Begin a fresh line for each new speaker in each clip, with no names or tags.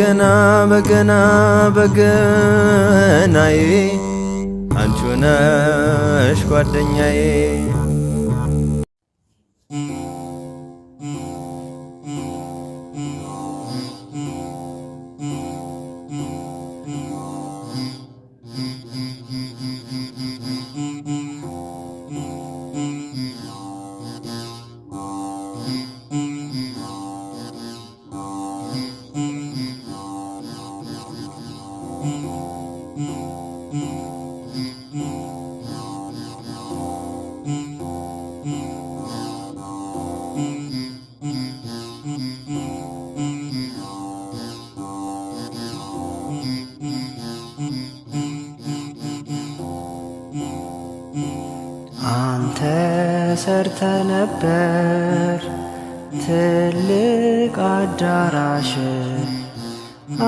በገና በገና በገናዬ አንቺ ነሽ ጓደኛዬ
አንተ ሰርተ ነበር ትልቅ አዳራሽ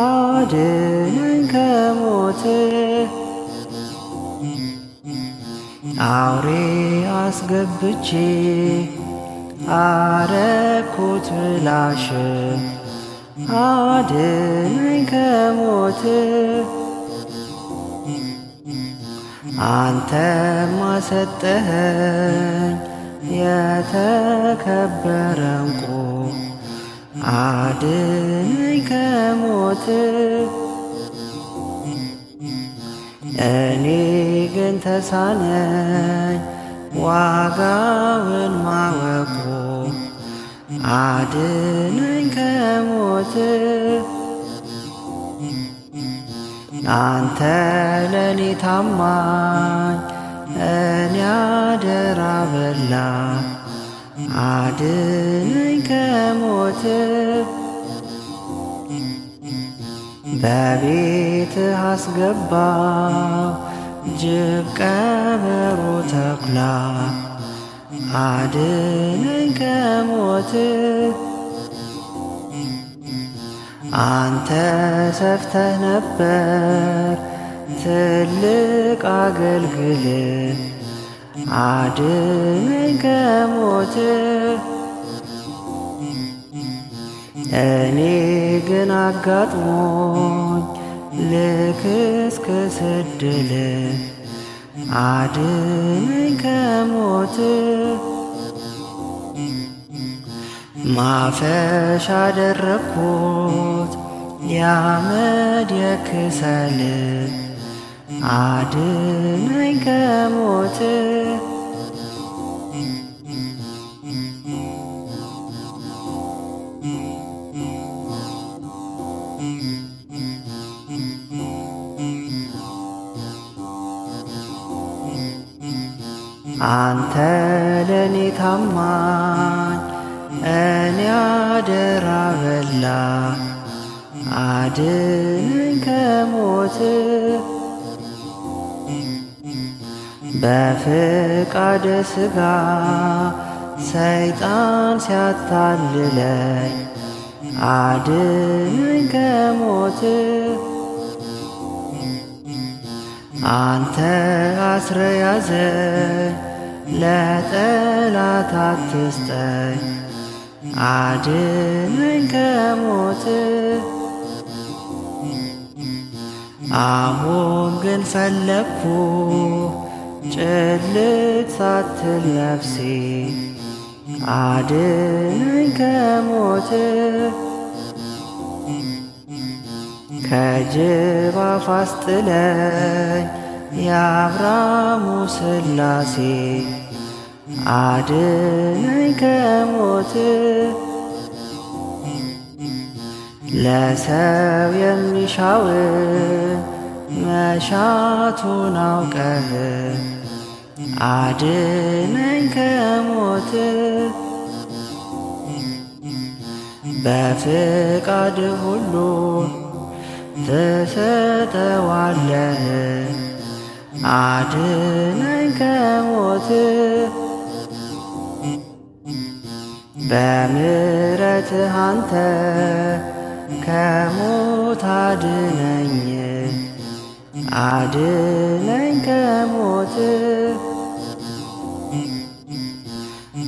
አድነን ከሞት አውሬ አስገብቼ አረኩት ላሽ አድነኝ ከሞት አንተማ ሰጠኸኝ የተከበረ እንቁ አድነኝ ከሞት እኔ ግን ተሳነኝ ዋጋውን ማወቁ አድነኝ ከሞት አንተ ለኔ ታማኝ እኔ አደራ በላ አድነኝ ከሞት በቤት አስገባ ጅብ ቀበሮ ተኩላ አድነኝ ከሞት አንተ ሰፍተህ ነበር ትልቅ አገልግል አድነኝ ከሞት እኔ ግን አጋጥሞኝ ልክስክስ እድል አድነኝ ከሞት ማፈሻ አደረግኩት ሊያመድ የክሰል አድነኝ ከሞት አንተ ለኔ ታማኝ እኔ አደራ በላ አድነኝ ከሞት በፍቃደ ስጋ ሰይጣን ሲያታልለኝ አድነኝ ከሞት አንተ አስረያዘኝ ለጠላት አትስጠኝ አድነኝ ከሞት አሁን ግን ፈለግኩ ጭልጥ ሳትል ነፍሴ አድነኝ ከሞት ከጅብ አፍ አስጥለኝ የአብርሃሙ ሥላሴ አድነኝ ከሞት ለሰው የሚሻው መሻቱን አውቀህ አድነኝ ከሞት በፍቃድ ሁሉ ትሰጠዋለህ አድነኝ ከሞት በምረት አንተ ከሞት አድነኝ አድነኝ ከሞት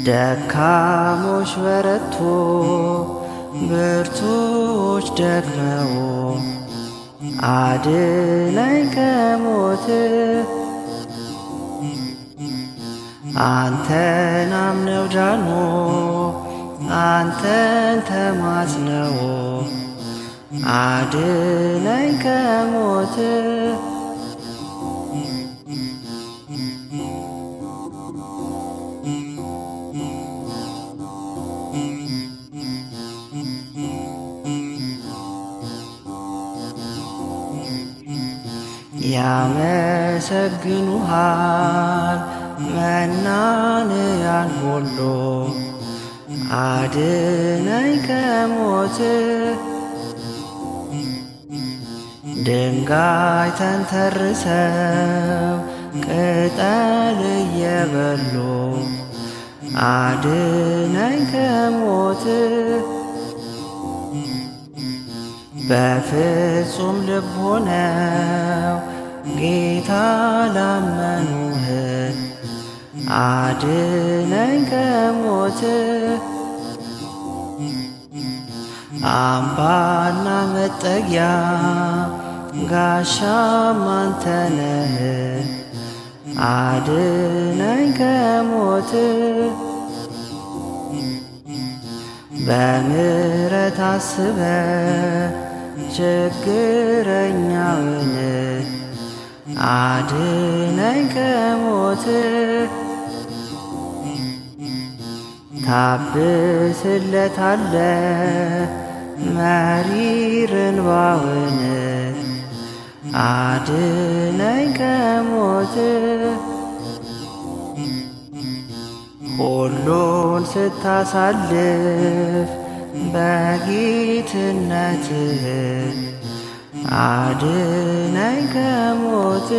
ደካሞች በረቱ ብርቱዎች ደክመው አድነኝ ከሞት አንተን አምነው ጃኖ። አንተን ተማጽነው አድነኝ ከሞት ያመሰግኑሃል መናንያን ሁሉ አድነኝ ከሞት ድንጋይ ተንተርሰው ቅጠል እየበሉ አድነኝ ከሞት በፍጹም ልብ ሆነው ጌታ ላመኑህ አድነኝ ከሞት አምባና መጠጊያ ጋሻ አንተ ነህ፣ አድነኝ ከሞት በምሕረት አስበ ችግረኛውን አድነኝ ከሞት ታብስለታለ መሪር እንባውን አድነኝ ከሞት ሁሉን ስታሳልፍ በጌትነት አድነኝ ከሞት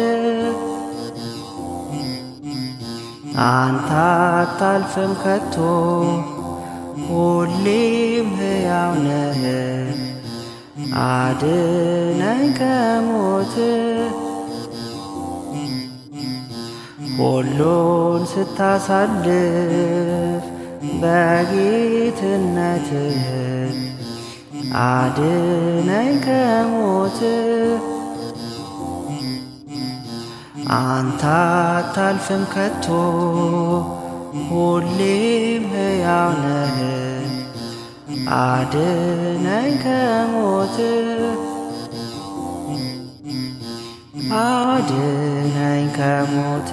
አንተ አታልፍም ከቶ ሁሌም ሕያው ነህ፣ አድነን ከሞት ሁሉን ስታሳልፍ በጌትነትህ አድነን ከሞት አንተ አታልፍም ከቶ ሁሌም ሕያው ነህ። አድነኝ ከሞት አድነኝ ከሞት